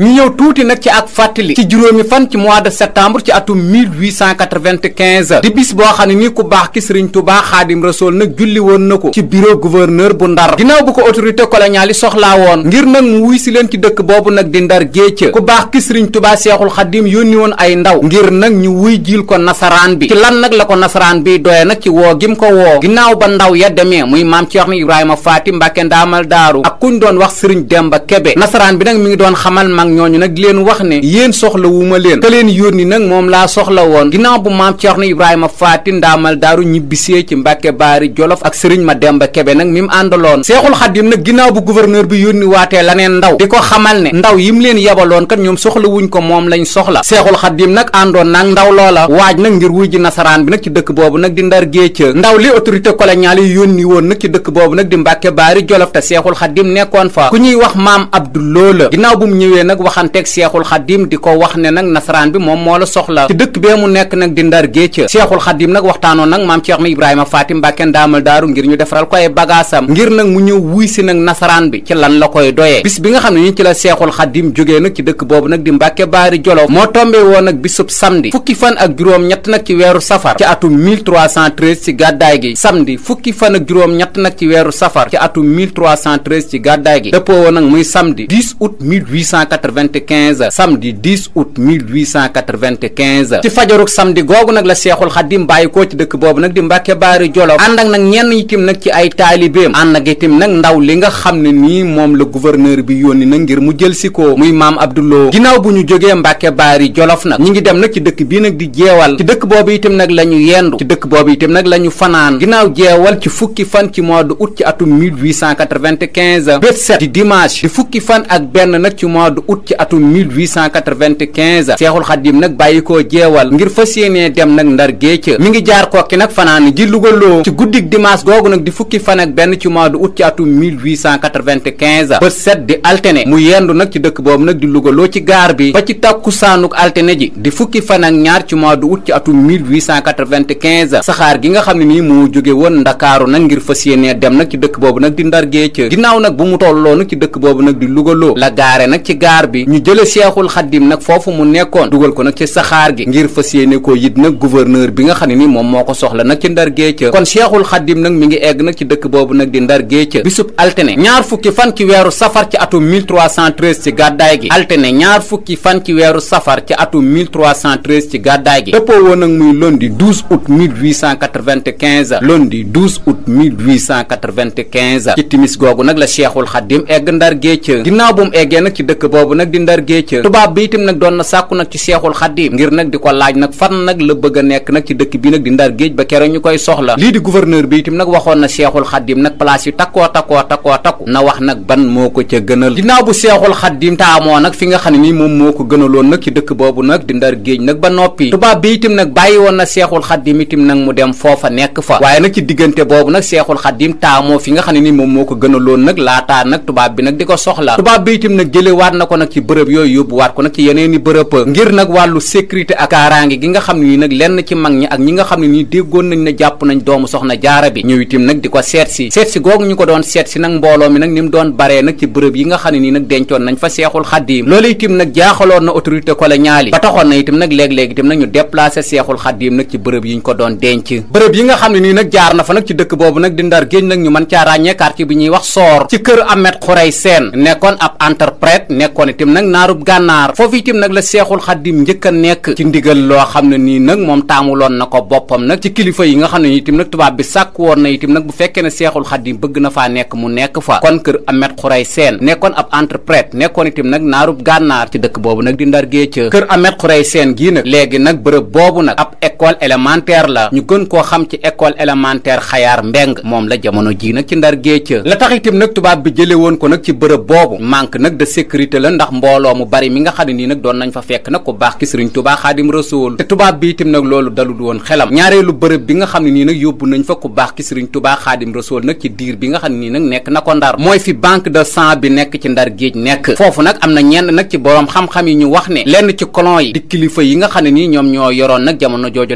ñu ñëw tuuti nag ci ak fàttali ci juróomi fan ci mois de septembre ci atum 1895 di bis boo xam ne nii ku baax ki sëriñ Tuubaa Xaadim Rasuul nag julli woon na ko ci bureau gouverneur bu Ndar ginnaaw bu ko autorité coloniale yi soxlaa woon ngir nag mu wuy si leen ci dëkk boobu nag di Ndar Géej ku baax ki sëriñ Tuubaa Seexul Xaadim yónni woon ay ndaw ngir nag ñu wuy jiil ko nasaraan bi ci lan nag la ko nasaraan bi doye nag ci woo gim ko woo ginnaaw ba ndaw ya demee muy maam Ceerno Ibrahima Faati Mbàkke Ndaamal Daaru ak kuñ doon wax sëriñ Demba Kebe nasaraan bi nag mi ngi nag ñooñu nag di leen wax ne yéen soxla wu ma leen ka leen yónni nag moom laa soxla woon ginnaaw bu maam Cerno Ibrahima Faati ndaamal daaru ñibbisee ci Mbàkke Baari Jolof ak Sëriñ Mademba Kebe nag mi mu àndaloon Seexul Xadim nag ginnaaw bu gouverneur bi yónni waatee laneen ndaw di ko xamal ne ndaw yim leen yebaloon kat ñoom soxla ko moom lañ soxla Seexul Xadim nag àndoon nag ndaw loola waaj nag ngir wuy ji nasaraan bi nag ci dëkk boobu nag di ndar géej ndaw li autorité coloniale yi yónni woon nag ci dëkk boobu nag di Mbàkke Baari Jolof te Seexul Xadim nag waxanteeg seexul xadim di ko wax ne nag nasaraan bi moom moo la soxla ci dëkk bee mu nekk nag di ndar géej seexul xadim nag waxtaanoon nag maam Cheikh Ibrahima Fatim Mbàkke ndaamal daaru ngir ñu defaral ko bagaasam ngir nag mu ñëw wuy nag nasaraan bi ci lan la koy doyee bis bi nga xam ne ñu ci la seexul xadim jógee nag ci dëkk boobu nag di Mbàkke Baari Jolof moo tombe woon nag bisub samedi fukki fan ak juróom-ñett nag ci weeru safar ci atum 1313 ci gàddaay gi samedi fukki fan ak juróom-ñett nag ci weeru safar ci atum 1313 ci gàddaay gi dëppoo woon nag 1895 samedi 10 août 1895 ci fajaruk samedi googu nag la seexul xadim bàyyi koo ci dëkk boobu nag di mbàkke baari jolof ànd ak nag ñenn itim nag ci ay taalibeem ànd ak itim nag ndaw li nga xam ne nii moom la gouverneur bi yónni na ngir mu jël si ko muy maam abduloo ginnaaw bu ñu jógee mbàkke baari jolof nag ñi ngi dem nag ci dëkk bii nag di jeewal ci dëkk boobu itam nag la ñu yendu ci dëkk boobu itam nag la ñu fanaan ginnaaw jeewal ci fukki fan ci mois de août ci atum 1895 bët set di dimanche di fukki fan ak benn nag août ci atum 1895 seexul xaddim nag bàyyi koo jeewal ngir fas yéenee dem nag ndar géej mi ngi jaar kokki nag fanaan ji lugaloo ci guddig dimanche googu nag di fukki fan ak benn ci mois de août ci atum 1895 bët set di altene mu yendu nag ci dëkk boobu nag di lugaloo ci gaar bi ba ci tàkku saanuk altene ji di fukki fan ak ñaar ci mois de août ci atum 1895 saxaar gi nga xam ne nii moo jóge woon ndakaaru nag ngir fas yéenee dem nag ci dëkk boobu nag di ndar géej ginnaaw nag bu mu tolloo nag ci dëkk boobu nag di lugaloo la gaare nag ñaar bi ñu jële seexul xaddim nag foofu mu nekkoon dugal ko nag ci saxaar gi ngir fas yéene koo yit nag gouverneur bi nga xam ne ni moom moo ko soxla nag ci ndar géej kon seexul xaddim nag mi ngi egg nag ci dëkk boobu nag di ndar géej bisub altene ñaar fukki fan ci weeru safar ci atum 1313 ci gàddaay gi altene ñaar fukki fan ci weeru safar ci atum 1313 ci gàddaay gi dëppoo woon nag muy lundi 12 août 1895 lundi 12 août 1895 ci timis googu nag la seexul xaddim egg ndar géej ginnaaw bu mu eggee nag ci boobu nag di ndar géej tubaab bi itam nag doon na sàkku nag ci seexul xaddim ngir nag di ko laaj nag fan nag la bëgg a nekk nag ci dëkk bi nag di ndar géej ba keroog ñu koy soxla lii di gouverneur bi itam nag waxoon na seexul xaddim nag place yu takkoo takkoo takkoo takku na wax nag ban moo ko ca gënal ginnaaw bu seexul xaddim taamoo nag fi nga xam ne nii moom moo ko gënaloon nag ci dëkk boobu nag di ndar géej nag ba noppi tubaab bi itam nag bàyyi woon na seexul xaddim itam nag mu dem foofa nekk fa waaye nag ci diggante boobu nag seexul xaddim taamoo fi nga xam ne nii moom moo ko gënaloon nag nag tubaab nag di bi nag jëlewaat na nag ci bërëb yooyu yóbbuwaat ko nag ci yeneen i bërëb ngir nga xam mi nag ni mu doon baree nag ci bërëb nii nag jaar na fa nag ci dëkk boobu nag di ndar géej nag ñu mën caa ràññee quartier bi ñuy wax soor ci kër Ahmed Xurey Seen nekkoon ab interprète nekkoon ne tim nag naarub gànnaar foofu itim nag la seexul xaddim njëkk a nekk ci ndigal loo xam ne nii nag moom taamuloon na ko boppam nag ci kilifa yi nga xam ne ni itim nag tubaab bi sàkk woon na itim nag bu fekkee ne seexul xaddim bëgg na faa nekk mu nekk fa kon kër Amet Xuray Seen nekkoon ab entreprête nekkoon itim nag naarub gànnaar ci dëkk boobu nag di ndar géej kër Amet Xuray Seen gii nag léegi nag bërëb boobu nag ab école élémentaire la ñu gën koo xam ci école élémentaire xayaar mbeng moom la jamono ji nag ci ndar géej la tax bi jële woon ko nag ci bërëb boobu nag de sécurité la ndax mbooloo mu bari mi nga xam ne nii nag doon nañ fa fekk nag ku baax ki sëriñ tubaa xaadim rasool te tubaab bi itam nag loolu dalul woon xelam ñaareelu bërëb bi nga xam ne nii nag yóbbu nañ fa ku baax ki sëriñ xaadim rasool nag ci diir bi nga xam ne nii nag nekk na ko ndar mooy fi banque de sang bi nekk ci ndar géej nekk foofu nag am na ñenn nag ci boroom xam-xam yi ñu wax ne lenn ci colon yi di kilifa yi nga xam ne nii ñoom ñoo yoroon a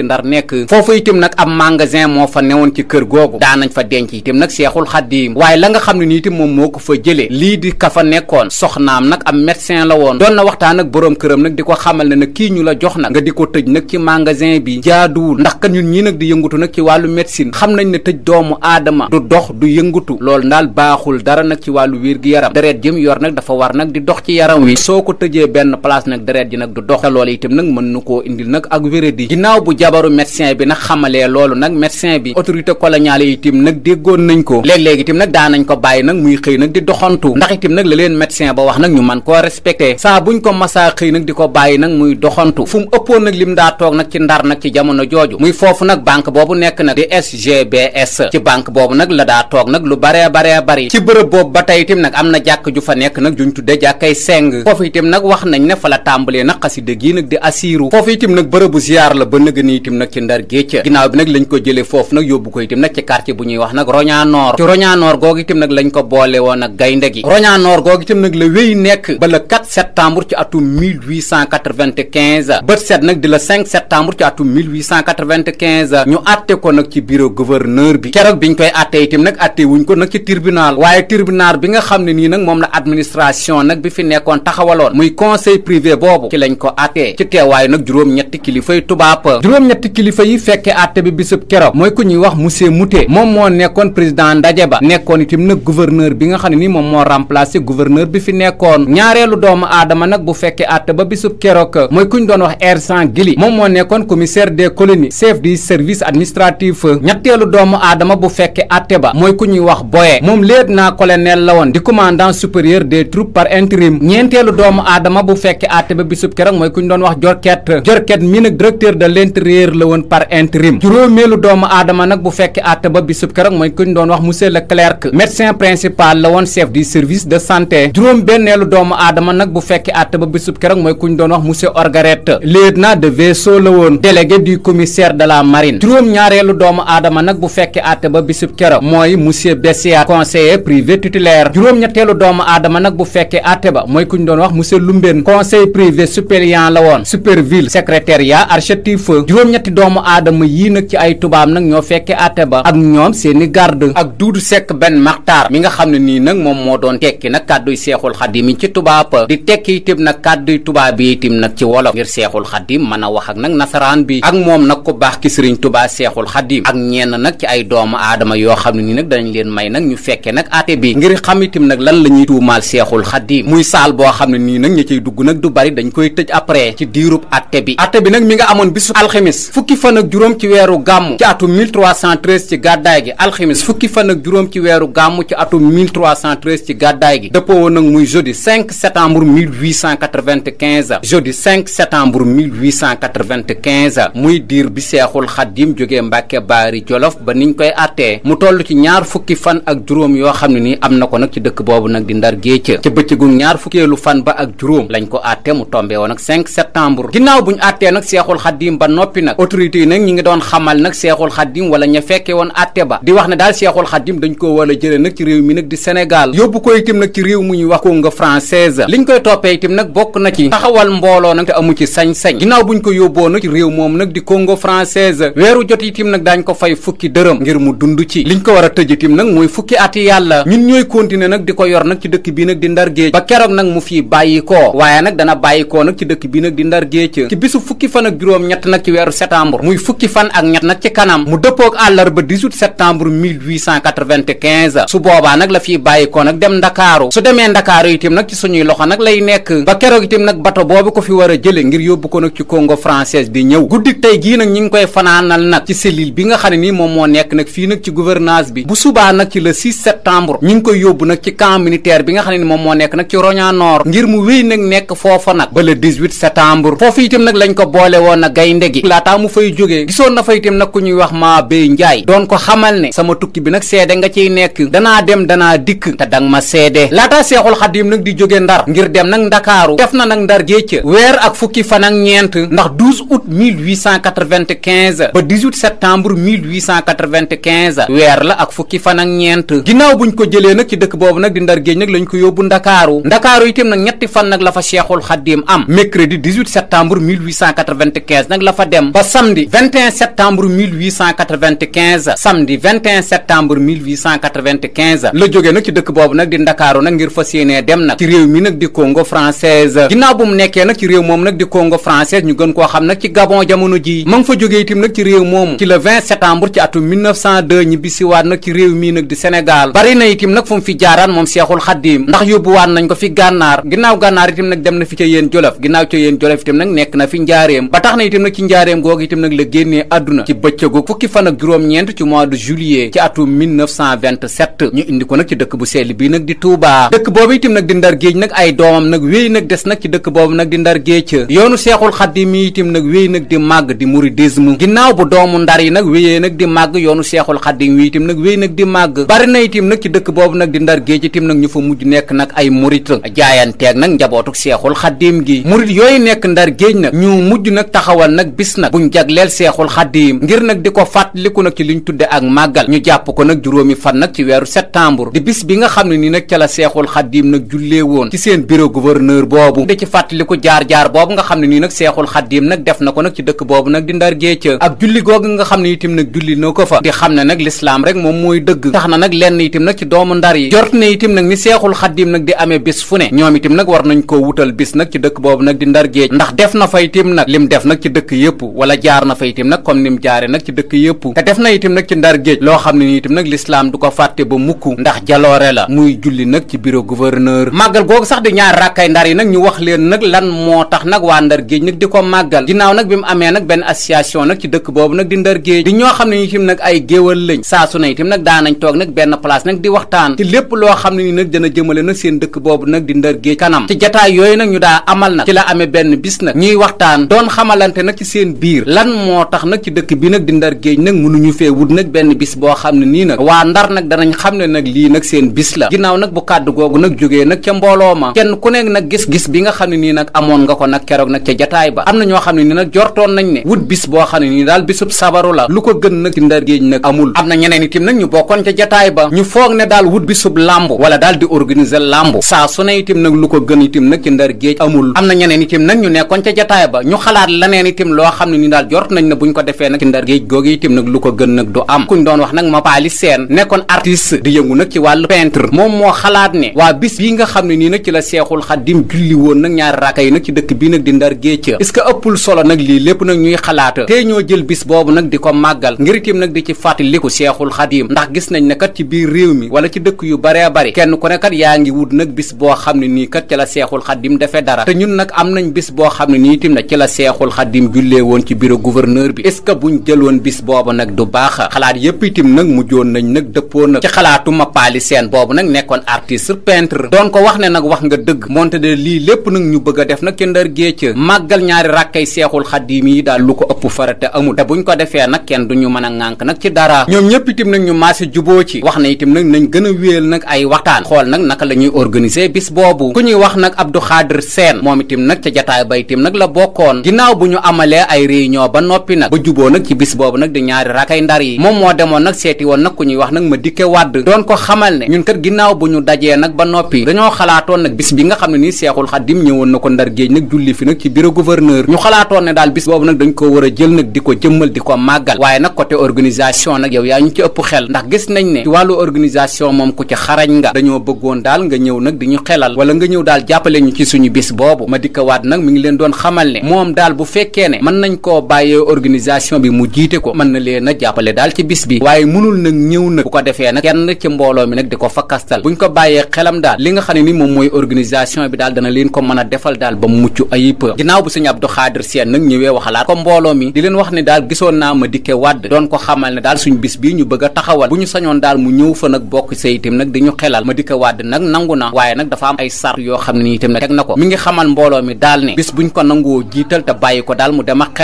ci ndar nekk foofu itam nag am magasin moo fa ne woon ci kër googu daanañ fa denc itam nag seexul xaddiim waaye la nga xam ne nii itam moom moo ko fa jëlee lii di ka fa nekkoon soxnaam nag am médecin la woon doon na waxtaan nag boroom këram nag di ko xamal ne nag kii ñu la jox nag nga di ko tëj nag ci magasin bi jaaduwul ndax kat ñun ñi nag di yëngutu nag ci wàllu médecine xam nañ ne tëj doomu aadama du dox du yëngutu lool daal baaxul dara nag ci wàllu wér gi yaram deret jëm yor nag dafa war nag di dox ci yaram wi soo ko tëjee benn place nag deret ji nag du dox itam nag mën koo indil jabaru médecin bi nag xamalee loolu nag médecin bi autorité coloniale yi tim nag déggoon nañ ko léeg-léeg itim nag daanañ ko bàyyi nag muy xëy nag di doxantu ndax itim nag la leen médecin ba wax nag ñu mën koo respecté saa buñ ko masaa xëy nag di ko bàyyi nag muy doxantu fu mu ëppoon nag lim daa toog nag ci ndar nag ci jamono jooju muy foofu nag banque boobu nekk nag di SGBS ci banque boobu nag la daa toog nag lu baree baree bari ci bërëb boobu ba tey itim nag am na jàkk ju fa nekk nag juñ tudde jàkkay seng foofu itim nag wax nañ ne fa la tàmbalee nag xasida gi nag di asiiru itam nag ci ndar géej ginnaaw bi nag lañ ko jëlee foofu nag yóbbu ko itam nag ci quartier bu ñuy wax nag Roñaan Nord ci Roñaan Nord googu itam nag nag la wéy nekk ba le 4 septembre ci atum bët set nag di le 5 ci atum ñu àtte ko nag ci bureau gouverneur bi keroog biñ koy àtte itam nag àtte wuñ ko nag ci tribunal waaye tribunal bi nga xam ne nii nag moom la administration nag bi fi nekkoon taxawaloon muy conseil privé boobu ci lañ ko ñetti kilifa yi fekke àtte mooy ku ñuy wax monsieur Mouté moom moo nekkoon président ndaje ba nekkoon itam nag gouverneur bi nga xam ne ni moom moo remplacé gouverneur bi fi nekkoon ñaareelu doomu aadama nag bu fekke àtte ba bisub keroog mooy ku ñu doon wax Ersan Gili moom moo nekkoon commissaire des colonies chef du service administratif ñetteelu doomu aadama bu fekke àtte ba mooy ku ñuy wax Boye moom lieutenant colonel la woon di commandant supérieur des troupes par intérim ñeenteelu doomu aadama bu fekke àtte ba bisub keroog mooy ku ñu doon wax Jorket Jorket mi nag directeur de l'intérieur réer la woon par intérim juróomeelu doomu aadama nag bu fekk àtte ba bisub keroog mooy kuñ doon wax monsieur le clerc médecin principal la woon chef du service de santé juróom benneelu doomu aadama nag bu fekk àtte ba bisub keroog mooy kuñ doon wax monsieur orgarette lieutenant de vaisseau la woon délégué du commissaire de la marine juróom ñaareelu doomu aadama nag bu fekkee àtte ba bisub keroog mooy monsieur Bessiat conseiller privé titulaire juróom-ñetteelu doomu aadama nag bu fekkee àtte ba mooy ku ñu doon wax monsieur Lumbène conseil privé suppléant la juróom-ñetti doomu aadama yii nag ci ay tubaab nag ñoo fekke àtte ba ak ñoom seeni garde ak Duudu Sekk Ben Maxtaar mi nga xam ne nii nag moom moo doon tekki nag kàdduy seexul xadim yi ci tubaab di tekki itam nag kàdduy tubaab yi itam nag ci wolof ngir seexul xadim mën a wax ak nag nasaraan bi ak moom nag ku baax ki sëriñ tubaa seexul xadim ak ñenn nag ci ay doomu aadama yoo xam ne nii nag danañ leen may nag ñu fekke nag àtte bi ngir xam itam nag lan la ñuy tuumaal seexul xadim muy saal boo xam ne nii nag ñi ciy dugg nag du bari dañ koy tëj alximis fukki fan ak juróom ci weeru gàmmu ci atum 1313 ci gàddaay gi alximis fukki fan ak juróom ci weeru gàmmu ci atum 1313 ci gàddaay gi dëppoo woon nag muy jeudi 5 septembre 1895 jeudi 5 septembre 1895 muy diir bi seexul xaddim jógee Mbàkke Baari Jolof ba niñ koy àttee mu toll ci ñaar fukki fan ak juróom yoo xam ne ni am na ko nag ci dëkk boobu nag di Ndar Géej ca bëccëgu ñaar fukkeelu fan ba ak juróom lañ ko àtte mu tombee woon nag 5 septembre ginnaaw buñ àttee nag seexul xaddim ba noppi noppi nag autorité yi nag ñi ngi doon xamal nag seexul xaddim wala ña fekke woon atte ba di wax ne daal seexul xaddim dañ ko war a jële nag ci réew mi nag di Sénégal yóbbu ko itam nag ci réew mu ñuy wax Congo française liñ koy toppee itam nag bokk na ci taxawal mbooloo nag te amu ci sañ-sañ ginnaaw buñ ko yóbboo nag ci réew moom nag di Congo française weeru jot itam nag daañ ko fay fukki dërëm ngir mu dund ci liñ ko war a tëj itam nag mooy fukki ati di ko yor nag ci dëkk bii nag di di ndar géej ci bisu fukki ak juróom weeru septembre muy fukki fan ak ñett nag ci kanam mu dëppook àllarba 18 septembre 1895 su boobaa nag la fiy bàyyikoo nag dem ndakaaru su demee ndakaaru itam nag ci suñuy loxo nag lay nekk ba keroog itam nag bato boobu ko fi war a jële ngir yóbbu ko nag ci Congo française bi ñëw guddik tey gii nag ñi ngi koy fanaanal nag ci cellule bi nga xam ne nii moom moo nekk nag fii nag ci gouvernance bi bu subaa nag ci le 6 septembre ñi ngi koy yóbbu nag ci camp militaire bi nga xam ne moom moo nekk nag ci Rognan Nord ngir mu wéy nag nekk foofa nag ba le 18 septembre laataa mu fay jógee gisoon na fa nag ku ñuy wax maa bay njaay doon ko xamal ne sama tukki bi nag seede nga ciy nekk danaa dem danaa dikk te dang ma seede laataa seexul xadim nag di jóge ndar ngir dem nag ndakaaru def na nag ndar géej weer ak fukki fan ak ñeent ndax 12 août 1895 ba 18 septembre 1895 weer la ak fukki fan ak ñeent ginnaaw buñ ko jëlee nag ci dëkk boobu nag di ndar géej nag lañ ko yóbbu ndakaaru ndakaaru itam nag ñetti fan nag la fa seexul xadim am mercredi 18 septembre 1895 nag la fa dem am ba samedi 21 septembre 1895 samedi 21 septembre 1895 la jógee nag ci dëkk boobu nag di ndakaaru nag ngir fas yéenee dem nag ci réew mi nag di Congo française ginnaaw bu mu nekkee nag ci réew moom nag di Congo française ñu gën ko xam nag ci Gabon jamono ji ma fa jógee itam nag ci réew moomu ci le 20 septembre ci atum 1902 ñu bisiwaat nag ci réew mii nag di Sénégal bari na itam nag fu fi jaaraan moom Seexul Xaddiim ndax yóbbuwaat nañ ko fi gànnaar ginnaaw gànnaar itam nag dem na fi ca yéen Jolof ginnaaw ca yéen Jolof itam nag nekk na fi njaareem ba tax ci njaareem bakkan googu itam nag la génnee àdduna ci bëccëgu fukki fan juróom-ñeent ci mois de juillet ci atum 1927 ñu indi ko nag ci dëkk bu sell bii nag di Touba dëkk boobu itam nag di ndar géej nag ay doomam nag wéy nag des nag ci dëkk boobu nag di ndar géej yoonu seexul xaddim yi itam nag wéy nag di màgg di mouridisme ginnaaw bu doomu ndar yi nag wéyee nag di màgg yoonu seexul xaddim yi itam nag wey nag di màgg bari na itam nag ci dëkk boobu nag di ndar géej itam nag ñu fa mujj nekk nag ay murit jaayanteeg nag njabootuk seexul xaddim gi murit yooyu nekk ndar géej nag ñu mujj nag taxawal nag nag bu ñu jagleel seexul xaddiim ngir nag di ko fàttaliku nag ci li ñu tudde ak màggal ñu jàpp ko nag juróomi fan nag ci weeru septembre di bis bi nga xam ne nii nag ca la seexul xaddiim nag jullee woon ci seen bureau gouverneur boobu da ci fàttaliku jaar-jaar boobu nga xam ne nii nag seexul xaddiim nag def na ko nag ci dëkk boobu nag di ndar géecë ak julli googu nga xam ne itam nag julli na ko fa di xam ne nag lislaam rek moom mooy dëgg tax na nag lenn itam nag c doomu ndar yi jort na itam nag ni seexul xaddiim nag di amee bis fu ne ñoom itam nag war nañ koo wutal bis nag ci dëkk boobu nag di ndar géej def na fa itam nag lim def nag ci dëkk yépp wala jaar na fa itam nag comme ni mu jaare nag ci dëkk yëpp te def na itam nag ci ndar loo xam ne ni itam nag lislaam du ko fàtte ba mukk ndax jaloore la muy julli nag ci bureau gouverneur màggal googu sax di ñaar rakkay ndar yi nag ñu wax leen nag lan moo tax nag waa ndar géej nag di ko màggal ginnaaw nag bi mu amee nag benn association nag ci dëkk boobu nag di ndar géej di ñoo xam ne ni itam nag ay géwal lañ saa su ne itam nag daanañ toog nag benn place nag di waxtaan ci lépp xam ne ni nag dana jëmale nag seen dëkk boobu nag di ndar géej kanam ci jataay yooyu nag ñu daa amal nag ci la amee benn bis nag ñuy waxtaan doon xamalante nag ci biir lan moo tax nag ci dëkk bi nag di ndar géej nag ñu fee wut nag benn bis boo xam ne nii nag waa ndar nag danañ xam ne nag lii nag seen bis la ginnaaw nag bu kàddu googu nag jógee nag ca mbooloo ma kenn ku nekk nag gis-gis bi nga xam ne nii nag amoon nga ko nag keroog nag ca jataay ba am na ñoo xam ne nii nag jortoon nañ ne wut bis boo xam ne nii daal bisub sabaru la lu ko gën nag ci ndar géej nag amul am na ñeneen itam nag ñu bokkoon ca jataay ba ñu foog ne daal wut bisub làmb wala daal di organiser làmb saa su ne itam nag lu ko gën itam nag ci ndar géej amul am na ñeneen itam nag ñu nekkoon ca jataay xam ne ni daal jort nañ ne buñ ko defee nag ci ndar géej googu itam nag lu ko gën nag du am kuñ doon wax nag Mapaali Seen nekkoon artiste di yëngu nag ci wàllu peintre moom moo xalaat ne waa bis bii xam ne nii nag ci la Seexul Xaddim julli woon nag ñaari nag ci dëkk bis boobu nag di ko màggal ci fàttaliku Seexul Xaddim ndax gis nañ ne kat ci biir bis boo xam ne nii kat ci la Seexul Xaddim defee dara te ñun nag am nañ bis boo xam ne nii itam ci la Seexul Xaddim woon ci bureau gouverneur bi est-ce que buñ jëloon bis boobu nag du baax xalaat yépp itim nag mujjoon nañ nag dëppoo nag ci xalaatu Mapali boobu nag nekkoon artiste peintre doon ko wax ne nag wax nga dëgg moonte de lii lépp nag ñu bëgg a def nag ci ndar géej màggal ñaari rakkay seexul xaddiim yi daal lu ko ëpp farate amul te buñ ko defee nag kenn du ñu mën a ŋànk nag ci dara ñoom ñëpp itim nag ñu maase juboo ci wax na itim nag nañ gën a wéel nag ay waxtaan xool nag naka la ñuy organiser bis boobu ku ñuy wax nag Abdou Xaadir Sène moom itim ba itim réunion ba noppi nag ba juboo nag ci bis boobu nag di ñaari rakay ndar yi moom moo demoon nag seeti woon nag ku ñuy wax nag ma dikke wàdd doon ko xamal ne ñun kat ginnaaw bu ñu dajee nag ba noppi dañoo xalaatoon nag bis bi nga xam ne nii seexul xaddim ñëwoon na ko ndar géej nag julli fi nag ci bureau gouverneur ñu xalaatoon ne daal bis boobu nag dañ ko war a jël nag di ko jëmmal di ko màggal waaye nag côté organisation nag yow yaa ñu ci ëpp xel koo bàyyee organisation bi mu jiite ko mën na leen a jàppale daal ci bis bi waaye mënul nag ñëw nag bu ko defee nag kenn ci mbooloo mi nag di ko fakkastal buñ ko bàyyee xelam daal li nga xam ne ni moom mooy organisation bi daal dana leen ko mën a defal daal ba mucc ayib ginnaaw bu sëñ Abdou Xaadir Seen nag ñëwee waxalaat ko mbooloo mi di leen wax ne daal gisoon naa ma dikke wàdd doon ko xamal ne daal suñ bis bi ñu bëgg a taxawal bu ñu sañoon na na ko mi ngi xamal mbooloo mi daal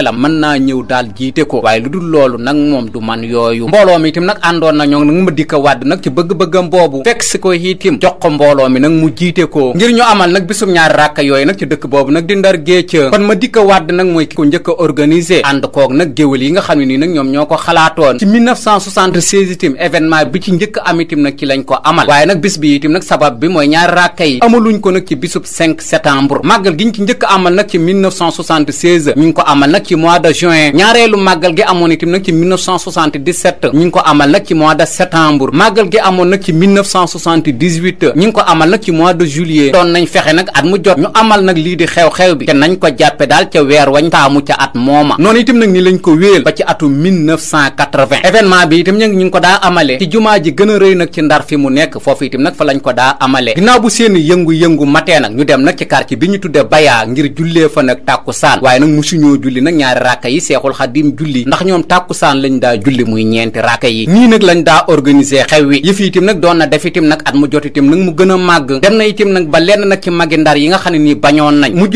xelam naa ñëw daal jiite ko waaye lu dul loolu nag moom du man yooyu mbooloo mi nag àndoon na ñoo nag ma dikka wàdd nag ci bëgg-bëggam boobu fekk si ko itim jox ko mbooloo nag mu jiite ko ngir ñu amal nag bisum ñaari ràkka yooyu nag ci dëkk boobu nag di ndar géej kon ma dikka wàdd nag mooy ki ko njëkk a organiser ànd nag géwél yi nga xam ne nii nag ñoom ñoo ko xalaatoon ci 1976 itim événement bi ci njëkk am bi ci njëkk amal nag ci mois de juin ñaareelu màggal gi amoon itam nag ci 1977 ñi ngi ko amal nag ci mois de septembre màggal gi amoon nag ci 1978 ñi ngi ko amal nag ci mois de juillet doon nañ fexe nag at mu jot ñu amal nag lii di xew-xew bi te nañ ko jàppe daal ca weer wañ taamu ca at mooma noonu itam nag ni lañ ko wéel ba ci atum 1980 événement bi itam ñu ngi ko daa amalee ci jumaa ji gën rëy nag ci ndar fi mu nekk foofu itam nag fa lañ ko daa amalee ginnaaw bu seen yëngu-yëngu mate nag ñu dem nag ci quartier bi ñu tudde bayaa ngir jullee fa nag tàkkusaan waaye nag musuñoo julli nag ñaari raaka yi seexul xadim julli ndax ñoom tàkkusaan lañ daa julli muy ñeenti raaka yi nii nag lañ daa organiser xew wi yëf itam nag doon na def itam nag at mu jot itam nag mu gën a màgg dem na itam nag ba lenn nag ci magi ndar yi nga xam ne nii bañoon nañ mujj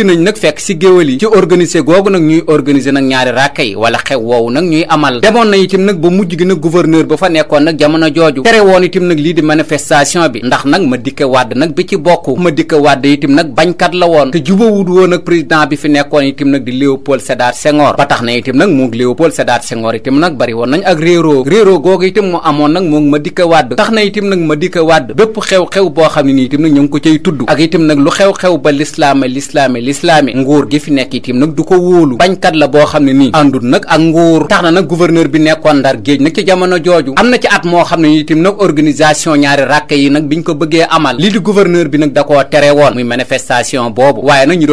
gi nag gouverneur ba fa nekkoon nag jamono jooju tere woon itam nag lii di manifestation bi ndax nag ma dikke wàdd nag bi ci bokk ma dikke wàdd itam nag bañkat la woon te jubawut woon nag président bi fi nekkoon itam nag di Léopold Senghor ba tax na itam nag moog Léopold Sédar Senghor itam nag bari woon nañ ak réeroo réeroo googu itam mu amoon nag moog Madické Wade tax na itam nag Madické Wade bépp xew-xew boo xam ne ni itam nag ñu ko cay tudd ak itam nag lu xew-xew ba lislaame lislaame lislaame nguur gi fi nekk itam nag du ko wóolu bañkat la boo xam ne nii àndul nag ak nguur tax na nag gouverneur bi nekkoon Ndar géej nag ci jamono jooju am na ci at moo xam ne ni itam nag organisation ñaari yi nag biñ ko bëggee amal li di gouverneur bi da koo tere woon muy manifestation boobu waaye nag ñu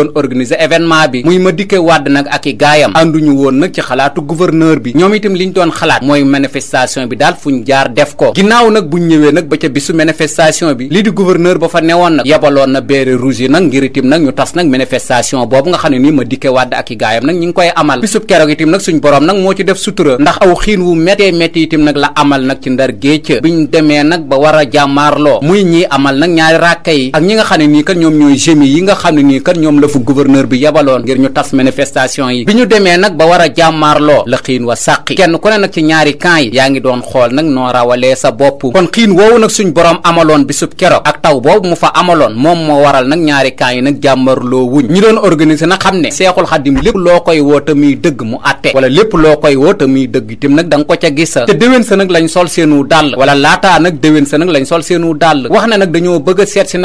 yem ànduñu woon nag ci xalaatu gouverneur bi ñoom itam li ñu doon xalaat mooy manifestation bi daal fuñ jaar def ko ginnaaw nag bu ñu ñëwee nag ba ca bisu manifestation bi lii di gouverneur ba fa newoon nag yabaloon na béere rouge yi nag ngir itam nag ñu tas nag manifestation boobu nga xam ne nii ma dikke wàdd ak i gaayam nag ngi koy amal bisub keroog itam nag suñ borom nag moo ci def sutura ndax aw xiin wu méttee métti itam la amal nag ci ndar géej biñ demee nag ba war a jàmmaarloo muy ñii amal nag ñaari ràkka yi ak ñi nga xam ne nii kat ñoom ñooy gémi yi nga xam ne nii kat ñoom la fu gouverneur bi yabaloon ngir ñu tas manifestation yi demee nag ba war a jàmmaarloo la xiin wa sàqi kenn ku ne nag ci ñaari camp yi yaa ngi doon xool nag noo rawalee sa bopp kon xiin woowu nag suñ boroom amaloon bisub keroog ak taw boobu mu fa amaloon moom moo waral nag ñaari camp yi nag jàmmarloo wuñ ñi doon organiser nag xam ne seexul xadim lépp loo koy woo te muy dëgg mu atte wala lépp loo koy woo te muy dëgg itam nag da ko ca gis te déwén sa nag lañ sol seenu dàll wala laataa nag déwén s nag lañ sol seenu dàll wax ne nag dañoo bëgg a seet si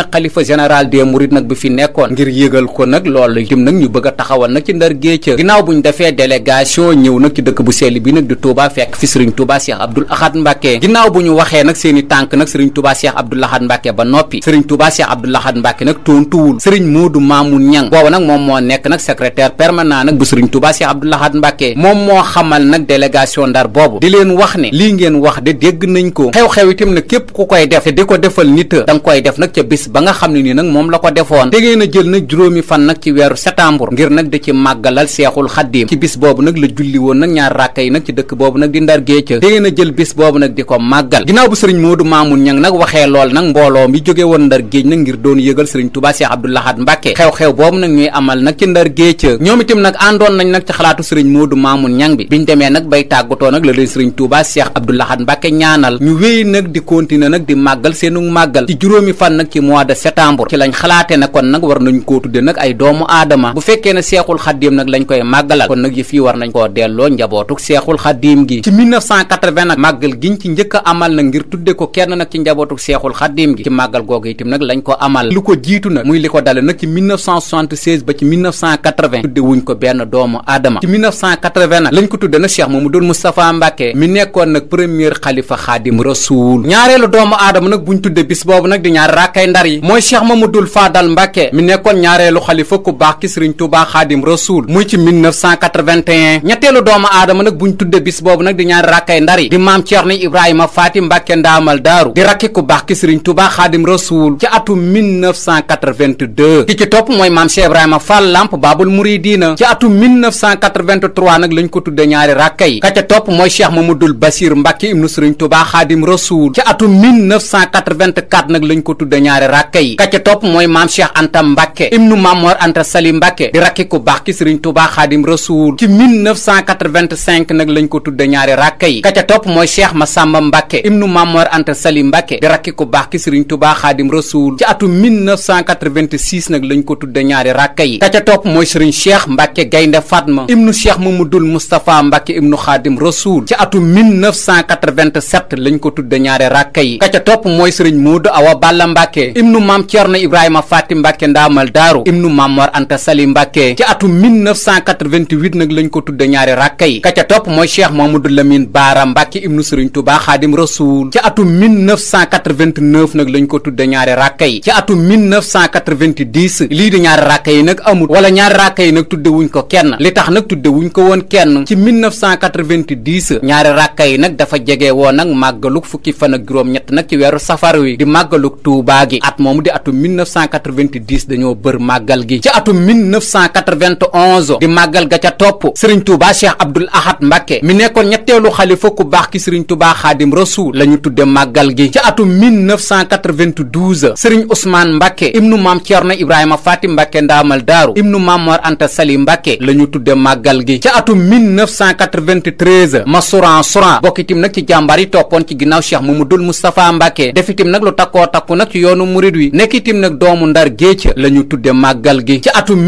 général des mourides nag bi fi nekkoon ngir yëgal ko nag loolu itam nag ñu bëgg a nag ci ndar géej defee délégation ñëw nag ci dëkk bu sell bi nag di Touba fekk fi Serigne Touba Cheikh Abdoul Ahad Mbacké ginnaaw bu ñu waxee nag seen i tànk nag sëriñ Touba Cheikh Abdoul Ahad Mbacké ba noppi Serigne Touba Cheikh Abdoul Ahad Mbacké nag tontuwul Serigne du Mamoun ñan booba nag moom moo nekk nag secrétaire permanent nag bu Serigne Touba Cheikh Abdoul Ahad Mbacké moom moo xamal nag délégation Ndar boobu di leen wax ne lii ngeen wax de dégg nañ ko xew-xew itam nag képp ku koy def te di ko defal nit da nga koy def nag ca bis ba nga xam ne nii nag moom la ko defoon te ngeen a jël nag juróomi fan nag ci weeru septembre ngir nag di ci màggalal Seexul xaddiim ci bis boobu nag la julli woon nag ñaar ràkka yi nag ci dëkk boobu nag di ndar géeca dee na jël bis boobu nag di ko màggal ginnaaw bu sëriñ Moodu Maamun ñang nag waxee lool nag mbooloo mi jóge woon ndar géej nag ngir doon yëgal sëriñ Tuubaa Seex Abdul Ahad xew-xew boobu nag ñuy amal nag ci ndar géeca ñoom itam nag àndoon nañ nag ci xalaatu sëriñ Moodu Maamun ñang bi biñ demee nag bay tàggatoo nag la leen sëriñ Tuubaa Seex Abdul Ahad di continuer nag di màggal seenu màggal ci juróomi fan nag ci mois de septembre ci lañ xalaate na kon nag war nañ koo tudde nag ay doomu aadama bu fekkee melal kon nag yëf yi war nañ koo delloo njabootuk seexul xaddiim gi ci 1980 nag màggal giñ ci njëkk a amal nag ngir tudde ko kenn nag ci njabootuk seexul xaddiim gi ci màggal googu itam nag lañ ko amal lu ko jiitu nag muy li ko dale nag ci ba ci tudde wuñ ko benn doomu aadama ci nag lañ ko tudde nag cheikh mamadul moustapha mbàkke mi nekkoon nag premier xalifa xaadim rasuul ñaareelu doomu aadama nag buñ tudde bis boobu nag di ñaareelu xalifa ku baax ki sëriñ 1981 ñetteelu doomu aadama nag buñ tudde bis boobu nag di ñaari rakkay ndari di maam Ceerno Ibrahima Faati Mbàkke ndaamal daaru di rakki ku baax ki Sëriñ Tuubaa Xaadim Rasuul ci atum 1982 ki ci topp mooy maam Cheikh Ibrahima Fall Lamp Baabul Muridiina ci atum 1983 nag lañ ko tudde ñaari rakka yi ka ca topp mooy Cheikh Mamadul Basiir Mbàkke ibnu Sëriñ Tuubaa Xaadim Rasuul ci atum 1984 nag lañ ko tudde ñaari rakka yi ka ca topp mooy maam Cheikh Anta Mbàkke ibnu Maam Mor Anta Sali Mbàkke di rakki ku baax ki Sëriñ Tuubaa Xaadim rasul ci 1985 nag lañ ko tudde ñaari ràkka yi ka ca topp mooy cheikh Massamba Mbacke ibnu Mamor Anta Sali Mbacke di rakki ku baax ki sëriñ Tuubaa Xaadim rasul ci atum 1986 nag lañ ko tudde ñaari ràkka yi ka ca topp mooy sëriñ cheikh Mbacke Gaynde Fatma ibnu cheikh Mamadul Moustapha Mbacke ibnu Xaadim rasul lañ ko tudde ñaari ràkka yi ka ca mooy sëriñ Moodu Awa Balla Mbacke ibnu Maam Cerno Ibrahima Faati Mbacke Ndaamal Daaru ibnu Mamor Sali Mbacke ci atum 28 nag lañ ko tudde ñaari ràkka yi ka ca topp mooy cheikh mamadou lamine baara mbàkke ibnu sëriñ tubaa xaadim rasuul ci atum 1989 ko tudde ñaari ràkka yi ci atum 1990 lii di ñaari ràkka yi nag amul wala ñaari ràkka yi nag tudde wuñ ko kenn li tax nag tudde wuñ ko woon kenn ci ñaari ràkka yi nag dafa jege woon nag màggaluk fukki fan ak juróom-ñett nag ci weeru safara wi di màggaluk tuubaa gi at moomu di atum 1990 dañoo bër màggal gi ci atum 1991 di màggal ga ca topp sëriñ tuuba cheikh abdul ahad mbàkke mi nekkoon ñetteelu xalifa ku baax ki sëriñ tuuba xaadim rasuul la ñu tudde màggal gi ci atum 1992 sëriñ ousmane mbàkke ibnu maam ceerno ibrahima faati mbàkke ndaamal daaru ibnu maam mor anta sali mbàkke la ñu tudde màggal gi ci atum 1993 masuran suran bokk itam nag ci jàmbaar yi toppoon ci ginnaaw cheikh mamadul moustapha mbàkke def itam nag lu takkoo takku nag ci yoonu murid wi nekk nag doomu ndar géej la ñu tudde màggal gi ci atum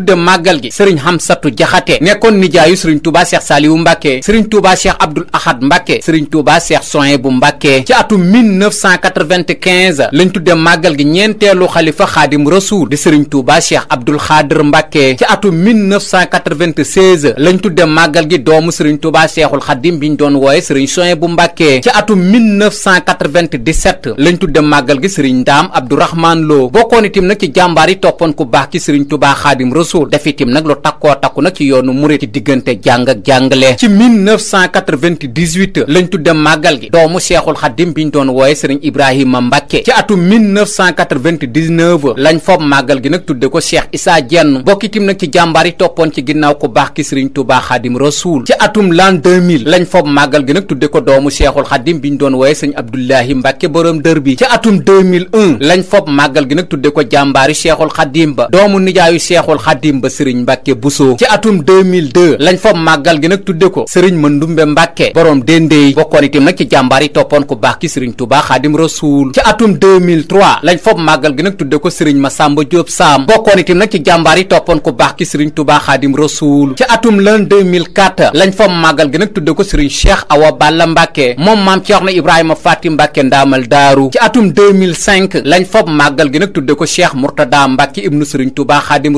tudde màggal gi sëriñ Hamsatu Jaxate nekkoon nijaayu sëriñ Touba Cheikh Saliou Mbacke sëriñ Touba Cheikh Abdoul Ahad Mbacke sëriñ Touba Cheikh Souhaïbou Mbacke ci atum 1995 lañ tudde màggal gi ñeenteelu xalifa xaadim rasuul di sëriñ Touba Cheikh Abdoul Xaadir Mbacke ci atum 1996 lañ tudde màggal gi doomu sëriñ Touba Cheikhul Xaadim biñ doon wooye sëriñ Souhaïbou Mbacke ci atum 1997 lañ tudde màggal gi sëriñ Ndaam Abdourahman Lo bokkoon itim nag ci jàmbaar toppoon ku baax ci sëriñ Touba Xaadim rasuul suur def itam nag lu takkoo takku nag ci yoonu murit ci diggante jàng ak jàngale ci 1998 lañ tudde màggal gi doomu seexul xaddim biñ doon wooye sëriñ Ibrahima Mbacke ci atum 1999 fob màggal gi nag tudde ko Cheikh Issa Diène bokk itam nag ci jàmbaar yi toppoon ci ginnaaw ku baax ki sëriñ Touba Xadim Rasoul ci atum l'an 2000 lañ fob màggal gi nag tudde ko doomu seexul xaddim biñ doon wooye sëriñ Abdoulahi Mbacke borom dër bi ci atum 2001 lañ fob màggal gi nag tudde ko jàmbaari seexul xaddim ba doomu nijaayu seexul xaddim xaadim ba sëriñ mbàkke busoo ci atum 2002 lañ fa màggal gi nag tudde ko sëriñ mëndumbe mbàkke boroom déndéey bokkoon itam nag ci jàmbaar yi toppoon ku baax ki sëriñ tubaa xaadim rasuul ci atum 2003 lañ fa màggal gi nag tudde ko sëriñ masamba jóob saam bokkoon itam nag ci jàmbaar yi toppoon ku baax ki sëriñ tubaa xaadim rasuul ci atum lan 2004 lañ fa màggal gi nag tudde ko sëriñ cheikh awa balla mbàkke moom maam Ceerno ibrahima faati mbàkke ndaamal daaru ci atum 2005 lañ fa màggal gi nag tudde ko cheikh murtada mbàkke ibnu sëriñ tubaa xaadim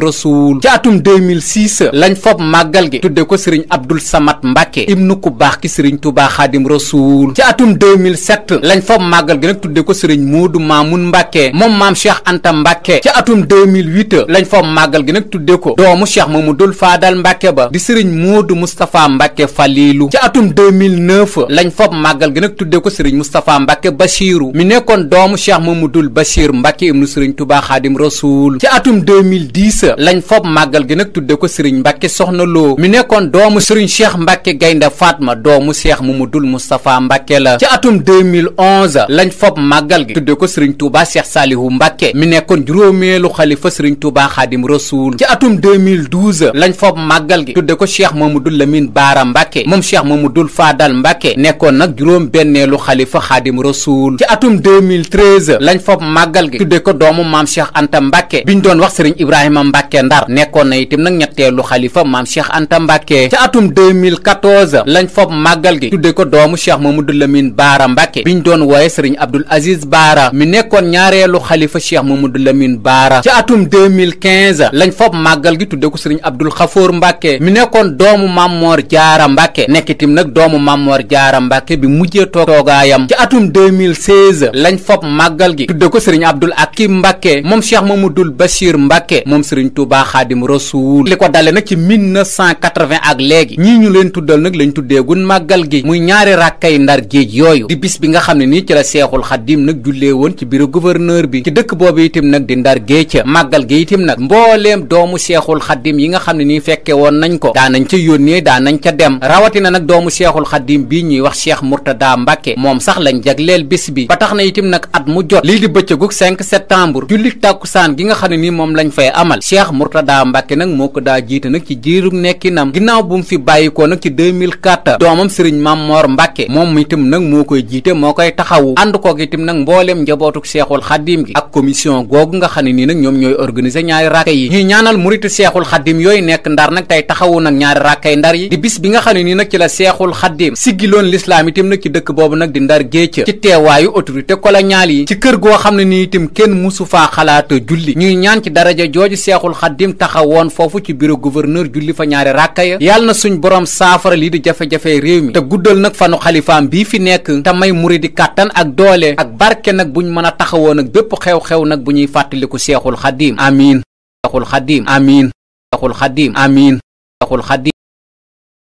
fàttewul ci atum 2006 lañ fob màggal gi tudde ko sëriñ Abdul Samad Mbàkke ibnu ku baax ki sëriñ Tuubaa Xaadim Rasuul ci atum 2007 lañ fob màggal gi nag tudde ko sëriñ Moodu Maamun Mbàkke moom maam Cheikh Anta Mbàkke ci atum 2008 lañ fob màggal gi nag tudde ko doomu Cheikh Mamadul Faadal Mbàkke ba di sëriñ Moodu Mustapha Mbàkke Faliilu ci atum 2009 lañ fob màggal gi nag tudde ko sëriñ Mustapha Mbàkke Bachiru mi nekkoon doomu Cheikh Mamadul Bachir Mbàkke ibnu sëriñ Tuubaa Xaadim Rasuul ci atum 2010 lañ fob bopp màggal gi nag tudde ko sëriñ mbàkke soxna loo mi nekkoon doomu sëriñ cheikh mbàkke gaynde faatma doomu cheikh mamadul moustapha mbàkke la ci atum 2011 lañ fopp màggal gi tudde ko sëriñ tuuba cheikh saalihu mbàkke mi nekkoon juróomeelu xalifa sëriñ tuuba xaadim rasuul ci atum 2012 lañ fopp màggal gi tudde ko cheikh mamadul lamin baara mbàkke moom cheikh mamadul faadal mbàkke nekkoon nag juróom benneelu xalifa xaadim rasuul ci atum 2013 lañ fopp màggal gi tudde ko doomu maam cheikh anta mbàkke biñ doon wax sëriñ ibrahima mbàkke ndar Dakar nekkoon na itam nag ñetteelu xalifa maam Cheikh Anta Mbacke ca atum 2014 lañ fob màggal gi tudde ko doomu Cheikh Mamadou Lamine Baara Mbacke biñ doon wooye Serigne Abdoul Aziz Baara mi nekkoon ñaareelu xalifa Cheikh Mamadou Lamine Baara ca atum 2015 lañ fob màggal gi tudde ko Serigne Abdoul Khafour Mbacke mi nekkoon doomu Mamor Jaara Mbacke nekk itam nag doomu Mamor Jaara Mbacke bi mujjee toogaayam ca atum 2016 lañ fob màggal gi tudde ko Serigne Abdoul Akim Mbacke moom Cheikh Mamadou Bachir Mbacke moom Serigne Touba xaadim rasuul li ko dale nag ci 1980 ak léegi ñii ñu leen tuddal nag lañ tuddeegun màggal gi muy ñaari ràkkay ndar géej yooyu di bis bi nga xam ne nii ci la seexul xadim nag jullee woon ci bureau gouverneur bi ci dëkk boobu itam nag di ndar géej ca màggal gi itam nag mbooleem doomu seexul xadim yi nga xam ne nii fekke woon nañ ko daanañ ca yónnee daanañ ca dem rawatina nag doomu seexul xadim bi ñuy wax cheikh murtada mbàkke moom sax lañ jagleel bis bi ba na itam nag at mu jot lii di bëccëgug 5 septembre julli tàkkusaan gi nga moom lañ Soxna Daa Mbàkke nag moo ko daa jiite nag ci jiirug nekkinam ginnaaw bu mu fi bàyyikoo nag ci 2004 doomam sëriñ Mammoor Mbàkke moom itam nag moo koy jiite moo koy taxawu ànd kook itam nag mbooleem njabootuk seexul xaddim gi ak commission googu nga xam ne nag ñoom ñooy organiser ñaari ràkka yi ñuy ñaanal muritu seexul xaddim yooyu nekk ndar nag tey taxawu nag ñaari ràkkay ndar yi di bis bi nga xam ne nag ci la seexul xaddim siggiloon lislaam yi lim taxawoon foofu ci bureau gouverneur julli fa ñaari ràkka ya yàlla na suñ boroom saafara lii di jafe-jafe réew mi te guddal nag fanu xalifaam bii fi nekk te may muridi kàttan ak doole ak barke nag buñ mën a taxawoon ak bépp xew-xew nag bu ñuy fàttaliku seexul xadim amin seexul xadim amin seexul xadim